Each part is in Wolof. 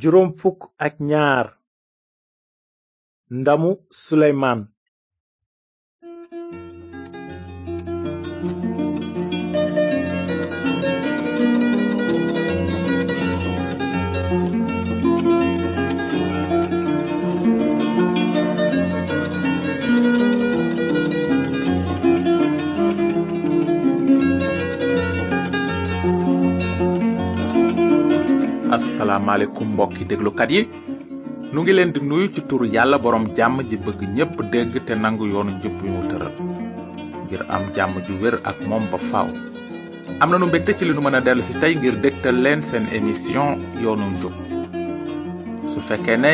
juróom fukk ak ñaar ndamu Suleymaan asalaamaaleykum mbokki déglukat yi nu ngi leen di nuyu ci turu yàlla boroom jàmm ji bëgg ñépp dégg te nangu yoonu njub wi mu tëral ngir am jàmm ju wér ak moom ba faaw. am na nu mbégte ci li nu mën a dellu si tey ngir dégtal leen seen émission yoonu njub su fekkee ne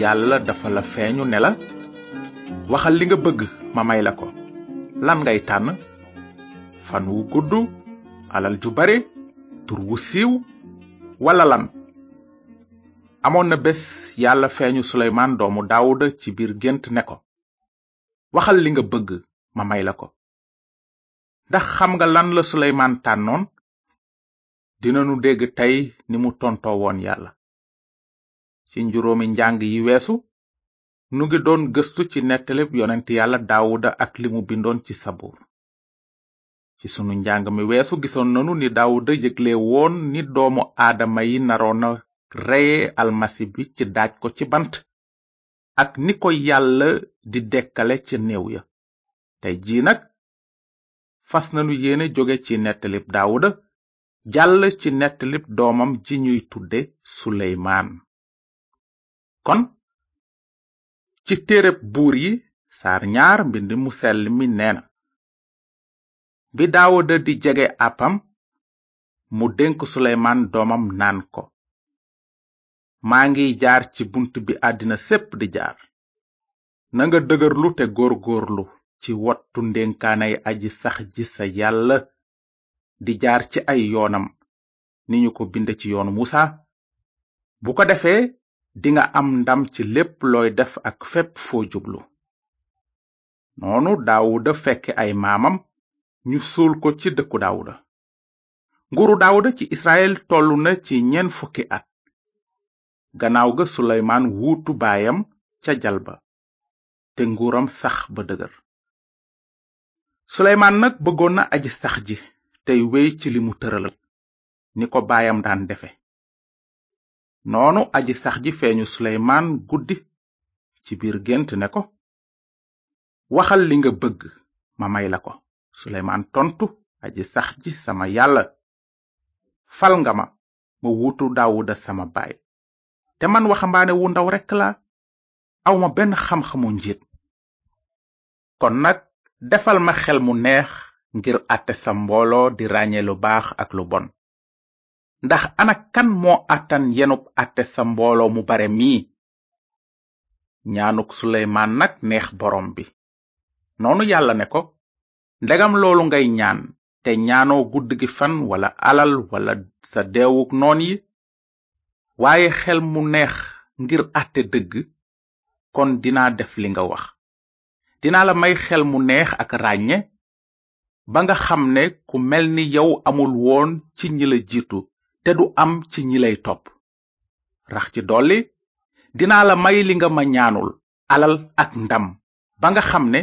yàlla dafa la feeñu ne la waxal li nga bëgg ma may la ko lan ngay tànn fan wu gudd alal ju bare tur wu siiw wala lan amoon na bés yàlla feeñu suleymaan doomu daawuda ci biir gént ne ko waxal li nga bëgg ma may la ko ndax xam nga lan la suleymaan tànnoon dinanu dégg tey ni mu tontoo woon yàlla ci njuróomi njàng yi weesu nu ngi doon gëstu ci nettaleb yonent yàlla daawuda ak li mu bindoon ci sabuur ci sunu njàng mi weesu gisoon nanu ni daawuda yëgle woon ni doomu aadama yi naroon na reye almasi bi ci daaj ko ci bant ak ni ko yàlla di dekkale ca néew ya tey jii nag fas nanu yéene jóge ci nettalib daawuda jàll ci nettalib doomam ji ñuy tudde suleymaan kon ci téereb buur yi saar ñaar mbind mu sell mi neena bi daawuda di jege àppam mu dénk suleymaan doomam naan ko maa ngiy jaar ci bunt bi àddina sépp di jaar nanga dëgërlu te góorgóorlu ci wottu ndénkaanay aji sax ji sa yàlla di jaar ci ay yoonam ni ñu ko bind ci yoon musa bu ko defee dinga am ndam ci lépp looy def ak fépp foo jublu noonu daawuda fekke ay maamam ñu suul ko ci dëkku Daawuda nguuru Daawuda ci Israël tollu na ci ñeent fukki at gannaaw ga Suleymaan wuutu baayam ca jalba te nguuram sax ba dëgër Suleymaan nag bëggoon na aji sax ji tey wey ci limu mu tëralal ni ko baayam daan defe noonu aji sax ji feeñu Suleymaan guddi ci biir gént ne ko waxal li nga bëgg ma may la ko suleymaan tontu aji sax ji sama yàlla fal nga ma ma wuutu daawuda sama baay te man waxambaane wu ndaw rekk la awma benn xam-xamu njiit kon nag defal ma xel mu neex ngir àtte sa mbooloo di ràññee lu baax ak lu bon ndax ana kan moo àttan yenub àtte sa mbooloo mu bare mii ñaanuk suleymaan nag neex boroom bi noonu yàlla ne ko ndegam loolu ngay ñaan te ñaanoo gudd gi fan wala alal wala sa deewuk noon yi waaye xel mu neex ngir àtte dëgg kon dinaa def li nga wax dinaa la may xel mu neex ak ràññee ba nga xam ne ku mel ni yow amul woon ci ñi jiitu te du am ci ñi lay topp rax ci dolli dinaa la may li nga ma ñaanul alal ak ndam ba nga xam ne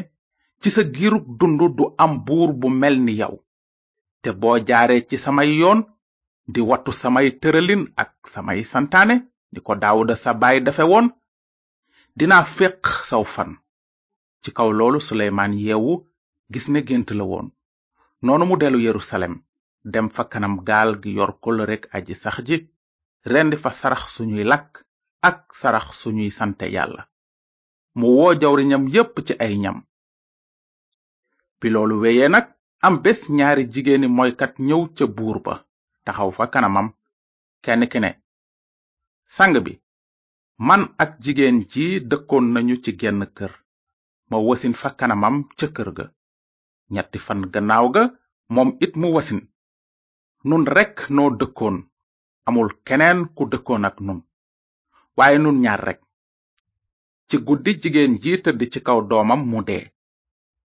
ci sa giirug dund du am buur bu mel ni yow te boo jaaree ci samay yoon di wattu samay tëralin ak samay santaane ni ko daawuda sa baay dafe woon dinaa féq saw fan ci kaw loolu suleymaan yeewu gis ne gént la woon noonu mu dellu yerusalem dem fa kanam gaal gi yor kolorek aji sax ji rendi fa sarax suñuy lakk ak sarax suñuy sante yàlla mu woo jawriñam yépp ci ay ñam bi weye nag am bés ñaari jigéeni moykat ñëw ca buur ba taxaw fa kanamam kenn ki ne sang bi man ak jigéen ji dëkkoon nañu ci genn kër ma wasin fa kanamam ca kër ga ñetti fan gannaaw ga moom it mu wasin nun rekk noo dëkkoon amul keneen ku dëkkoon ak nun waaye nun ñaar rekk ci guddi jigéen ji tëdd ci kaw doomam mu dee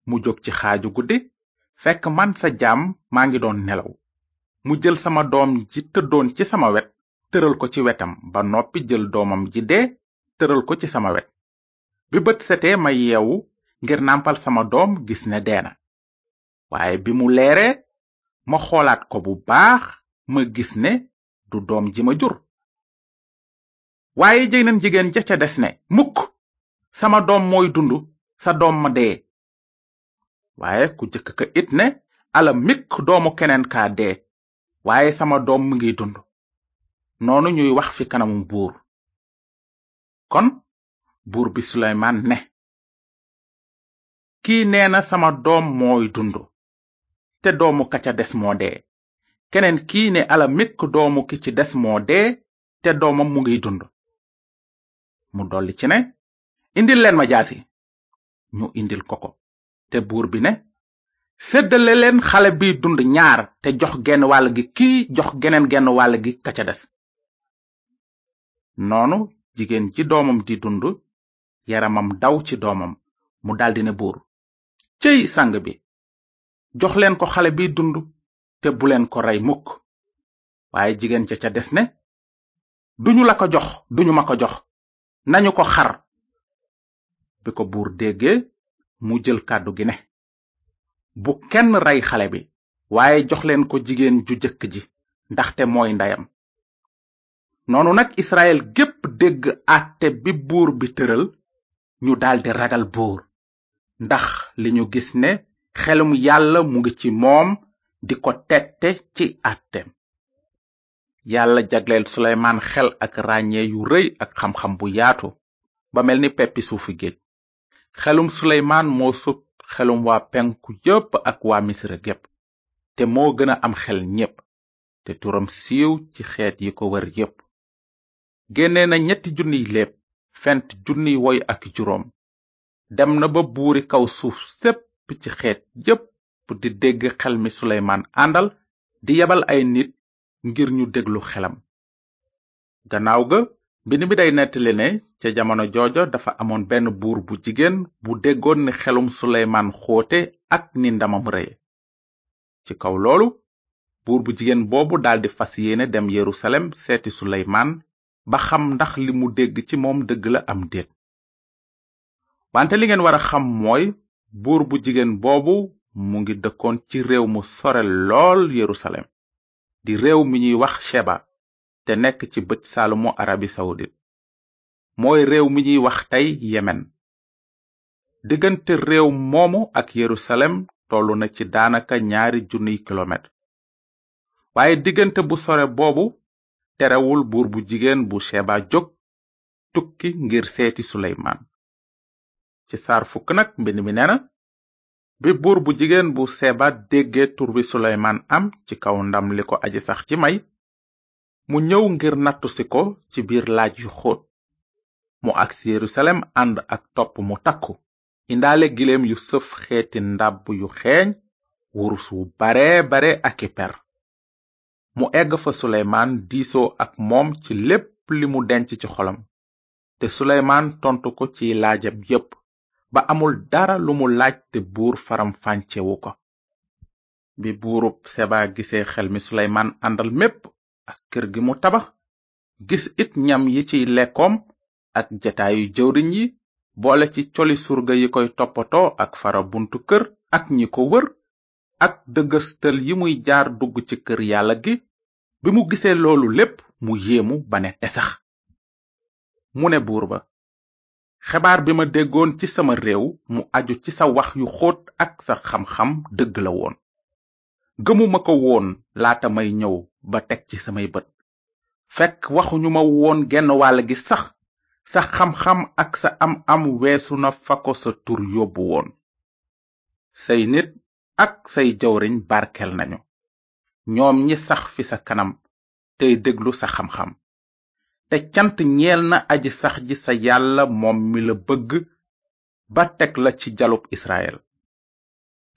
mu jóg ci xaaju guddi fekk man sa jaam maa ngi doon nelaw mu jël sama doom ji tëddoon ci sama wet tëral ko ci wetam ba noppi jël doomam ji dee tëral ko ci sama wet bi bët setee ma yeewu ngir nàmpal sama doom gis ne dee na waaye bi mu leeree ma xoolaat ko bu baax ma gis ne du doom ji ma jur waaye jëynam jigéen ja ca des ne mukk sama doom mooy dund sa doom ma dee waaye ku jëkk ka it ne ala mikk doomu keneen kaa dee waaye sama doom mu ngi dund noonu ñuy wax fi kanamu buur kon buur bi suleymaan ne kii nee na sama doom mooy dund te doomu ka ca des moo dee keneen kii ne ala mikk doomu ki ci des moo dee te doomam mu ngiy dund mu dolli ci ne indil leen ma jaasi ñu indil ko ko te buur bi ne séddale leen xale bi dund ñaar te jox genn wàll gi kii jox geneen genn wàll gi ka ca des noonu jigéen ci doomam di dund yaramam daw ci doomam mu daldi ne buur céy sang bi jox leen ko xale bi dund te bu leen ko rey mukk waaye jigéen ca ca des ne duñu la jox duñu ma jox nañu ko xar bi ko buur déggee mu jël kàddu gi ne bu kenn rey xale bi waaye jox leen ko jigéen ju jëkk ji ndaxte mooy ndeyam noonu nag israel gépp dégg àtte bi buur bi tëral ñu daldi ragal buur ndax li ñu gis ne xelum yàlla mu ngi ci moom di ko tette ci àtteem yàlla jagleel suleymaan xel ak ràññee yu rëy ak xam-xam bu yaatu ba mel ni peppi suufi géej xelum suleymaan moo sut xelum waa penku yépp ak waa misra gépp te moo gëna am xel ñépp te turam siiw ci xeet yi ko wër yépp génne na ñetti junniy léeb fent junniy woy ak juróom dem na ba buuri kaw suuf sépp ci xeet yépp di dégg xel mi suleymaan àndal di yabal ay nit ngir ñu déglu xelam gannaaw ga mbind mi day nettali ne ca jamono jooja dafa amoon benn buur bu jigéen bu déggoon ni xelum suleymaan xóote ak ni ndamam reye ci kaw loolu buur bu jigéen boobu daldi fas yéene dem yerusalem seeti suleymaan ba xam ndax li mu dégg ci moom dëgg la am déet wante li ngeen wara xam mooy buur bu jigéen boobu mu ngi dëkkoon ci réew mu sore lool yerusalem di réew mi ñuy wax sheba te nekk ci bët saalumu arabi saoudite mooy réew mi ñuy wax tey yemen diggante réew moomu ak yerusalem tollu na ci daanaka ñaari junniy kilomètre waaye diggante bu sore boobu terewul buur bu jigéen bu sheba jóg tukki ngir seeti suleymaan ci saar fukk nag mbind mi nee na bi buur bu jigéen bu sheba déggee tur bi am ci kaw ndam li ko aji sax ci may mu ñëw ngir nattu si ko ci biir laaj yu xóot mu agsi yerusalem ànd ak topp mu takku indaale gileem yu sëf xeeti ndàbb yu xeeñ wurus wu bare bare ak per mu egg fa suleymaan diisoo ak moom ci lépp li mu denc ci xolam te suleymaan tontu ko ci laajam yépp ba amul dara lu mu laaj te buur faram fàncewu ko bi buurub seba gisee xel mi suleymaan àndal mépp ak kër gi mu tabax gis it ñam yi ciy lekkoom ak jataayu jëwriñ yi boole ci coli surga yi koy toppatoo ak fara buntu kër ak ñi ko wër ak dëgëstal yi muy jaar dugg ci kër yàlla gi bi mu gisee loolu lépp mu yéemu ba ne te mu ne buur ba xebaar bi ma déggoon ci sama réew mu aju ci sa wax yu xóot ak sa xam-xam dëgg la woon gëmuma ko woon laata may ñëw ba teg ci samay bët fekk waxuñu ma woon genn wàll gi sax sa xam-xam ak sa am-am weesu na fa ko sa tur yóbbu woon say nit ak say jawriñ barkel nañu ñoom ñi sax fi sa kanam tey déglu sa xam-xam te cant ñeel na aji sax ji sa yàlla moom mi la bëgg ba teg la ci jalub israel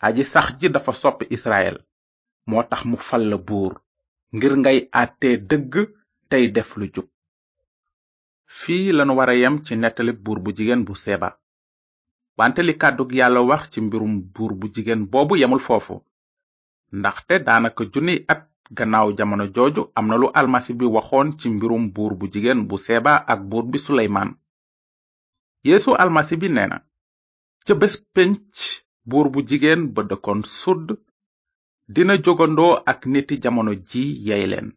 aji sax ji dafa soppi israel moo tax mu fal la buur ngir ngay àtte dëgg tey def lu jub fii lanu wara yem ci nettali buur bu jigéen bu seba wante li kàddug yàlla wax ci mbirum buur bu jigéen boobu yemul foofu ndaxte daanaka junniy at gannaaw jamono jooju am na lu almasi bi waxoon ci mbirum buur bu jigéen bu seba ak buur bi suleymaan yeesu almasi bi nee na ca buur bu jigéen ba dëkkoon sudd dina jógandoo ak niti jamono ji yey leen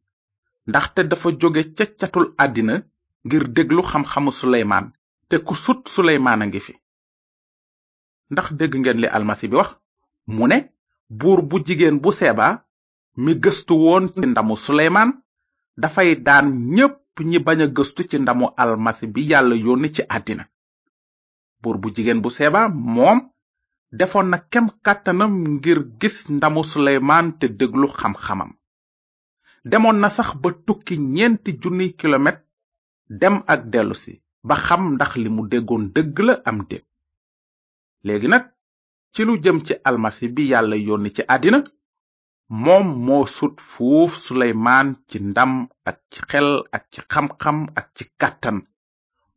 ndaxte dafa jóge ca catul àddina ngir déglu xam-xamu suleymaan te ku sut suleymaan a ngi fi ndax dégg ngeen li almasi bi wax mu ne buur bu jigéen bu seeba mi gëstu woon ci ndamu suleymaan dafay daan ñépp ñi bañ a gëstu ci ndamu almasi bi yàlla yónni ci àddina buur bu jigéen bu seeba moom defoon na kem kàttanam ngir gis ndamu suleymaan te déglu xam-xamam demoon na sax ba tukki ñeenti junniy kilomètre dem ak dellusi ba xam ndax limu mu déggoon dëgg la am déet léegi nag ci lu jëm ci almasi bi yàlla yónni ci àddina moom moo sut fuuf suleymaan ci ndam ak xel ak ci xam-xam ak ci kàttan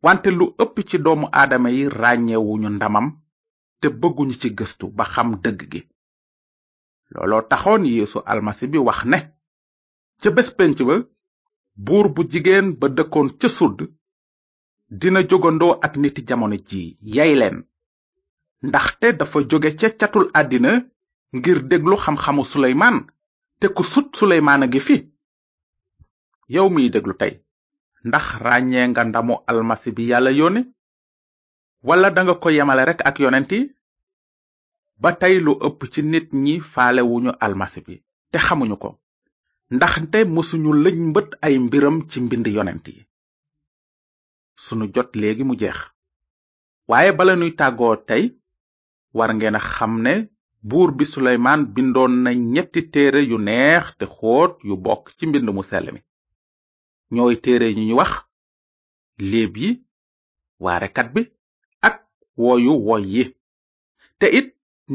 wante lu ëpp ci doomu aadama yi ràññewuñu ndamam te bëgguñu ci gëstu ba xam dëgg gi looloo taxoon yeesu almasi bi wax ne ca bés penc ba buur bu jigéen ba dëkkoon ca sud dina jógandoo ak niti jamono ji yey leen ndaxte dafa jóge ca catul àddina ngir déglu xam-xamu suleymaan te ku sut suleymaan a ngi fi yow miy déglu tey ndax ràññee nga ndamu almasi bi yàlla yónne wala danga ko yemale rekk ak yonent yi ba tey lu ëpp ci nit ñi falewuñu almasi bi te xamuñu ko ndax te mësuñu lëñ mbët ay mbiram ci mbind yonent yi sunu jot léegi mu jeex waaye bala nuy tàggoo tey war ngeen xam ne buur bi suleymaan bindoon na ñetti téere yu neex te xóot yu bokk ci mbind mu sell mi ñooy téere yu ñu wax léeb yi waarekat bi woyu woy yi te it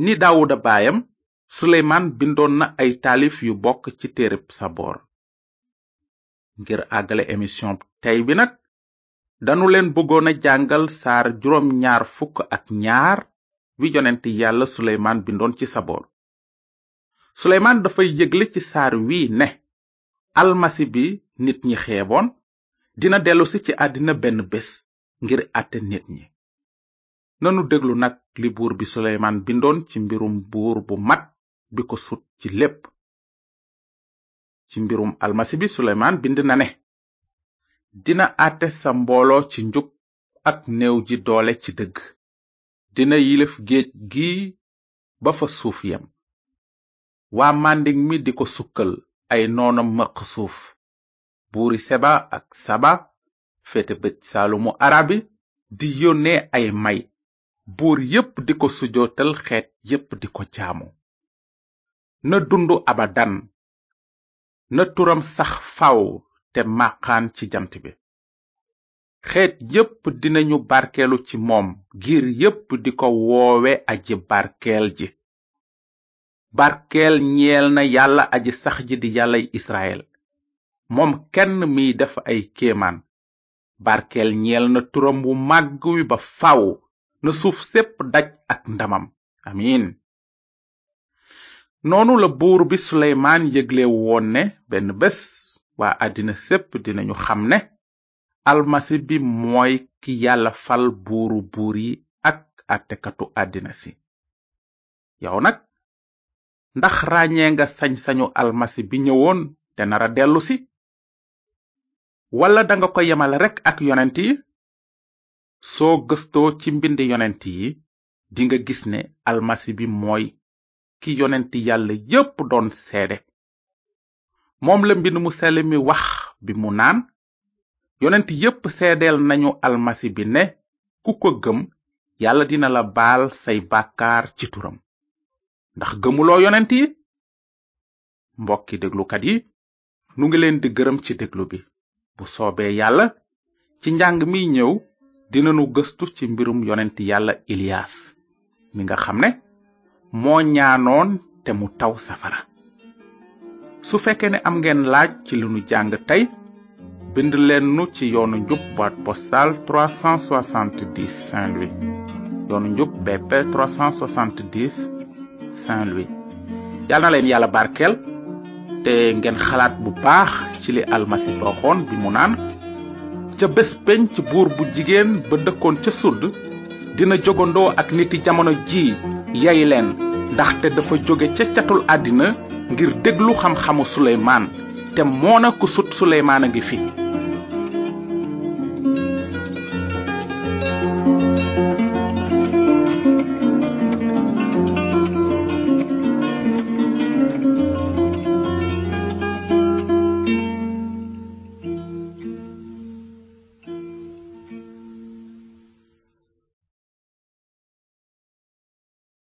ni daawuda baayam suleymaan bindoon na ay taalif yu bokk ci téereb saboor ngir àggale émission tey bi nag danu leen bëggoon a jàngal saar juróom ñaar fukk ak ñaar wi yonent yàlla suleymaan bindoon ci saboor suleymaan dafay yëgle ci saar wii ne almasi bi nit ñi xeeboon dina dellusi ci àddina benn bés ngir àtte nit ñi nanu déglu nag li buur bi suleymaan bindoon ci mbirum buur bu mat bi sut ci lépp ci mbirum almasi bi suleymaan bind na ne dina àtte sa mbooloo ci njub ak néew ji doole ci dëgg dina yilif géej gi ba fa suuf yem waa màndiŋ mi di ko sukkal ay noonam mëq suuf buur i seba ak saba féete bëj saalumu arabi di yónnee ay may buur yépp di ko sujootal xeet yépp di ko jaamu na dund abadan na turam sax faw te màqaan ci jant bi xeet yépp dinañu barkeelu ci moom ngir yépp di ko woowe aji barkeel ji barkeel ñeel na yàlla aji sax ji di yàllay israel moom kenn miy def ay kéemaan barkeel ñeel na turam wu màgg wi ba faw na suuf sépp daj ak ndamam amiin noonu la buur bi suleymaan yëgle woon ne benn bés waa àddina sépp dinañu xam ne almasi bi mooy ki yàlla fal buuru buur yi ak àttekatu àddina si yow nag ndax ràññee nga sañ-sañu almasi bi ñëwoon te nara dellu si wala danga ko yemale rekk ak yonent yi soo gëstoo ci mbind yonent yi dinga gis ne almasi bi mooy ki yonent yàlla yépp doon seede moom la mbind mu sell mi wax bi mu naan yonent yépp seedeel nañu almasi bi ne ku ko gëm yàlla dina la baal say bàkkaar ci turam ndax gëmuloo yonent yi mbokki déglukat yi nu ngi leen di gërëm ci déglu bi bu soobee yàlla ci njàng mi ñëw dina dinanu gëstu ci mbirum yonent yàlla Ilias mi nga xam ne moo ñaanoon te mu taw safara su fekkee ne am ngeen laaj ci li nu jàng tey bind leen nu ci yoonu njub boîte postale 370 Saint-Louis yoonu njub BP 370 Saint-Louis yàlla na leen yàlla barkeel te ngeen xalaat bu baax ci li almasi waxoon bi mu naan ca bés penc buur bu jigéen ba dëkkoon ca sudd dina jogandoo ak niti jamono jii yay leen ndaxte dafa jóge ca catul àddina ngir déglu xam-xamu suleymaan te moona ku sut suleymaan a ngi fi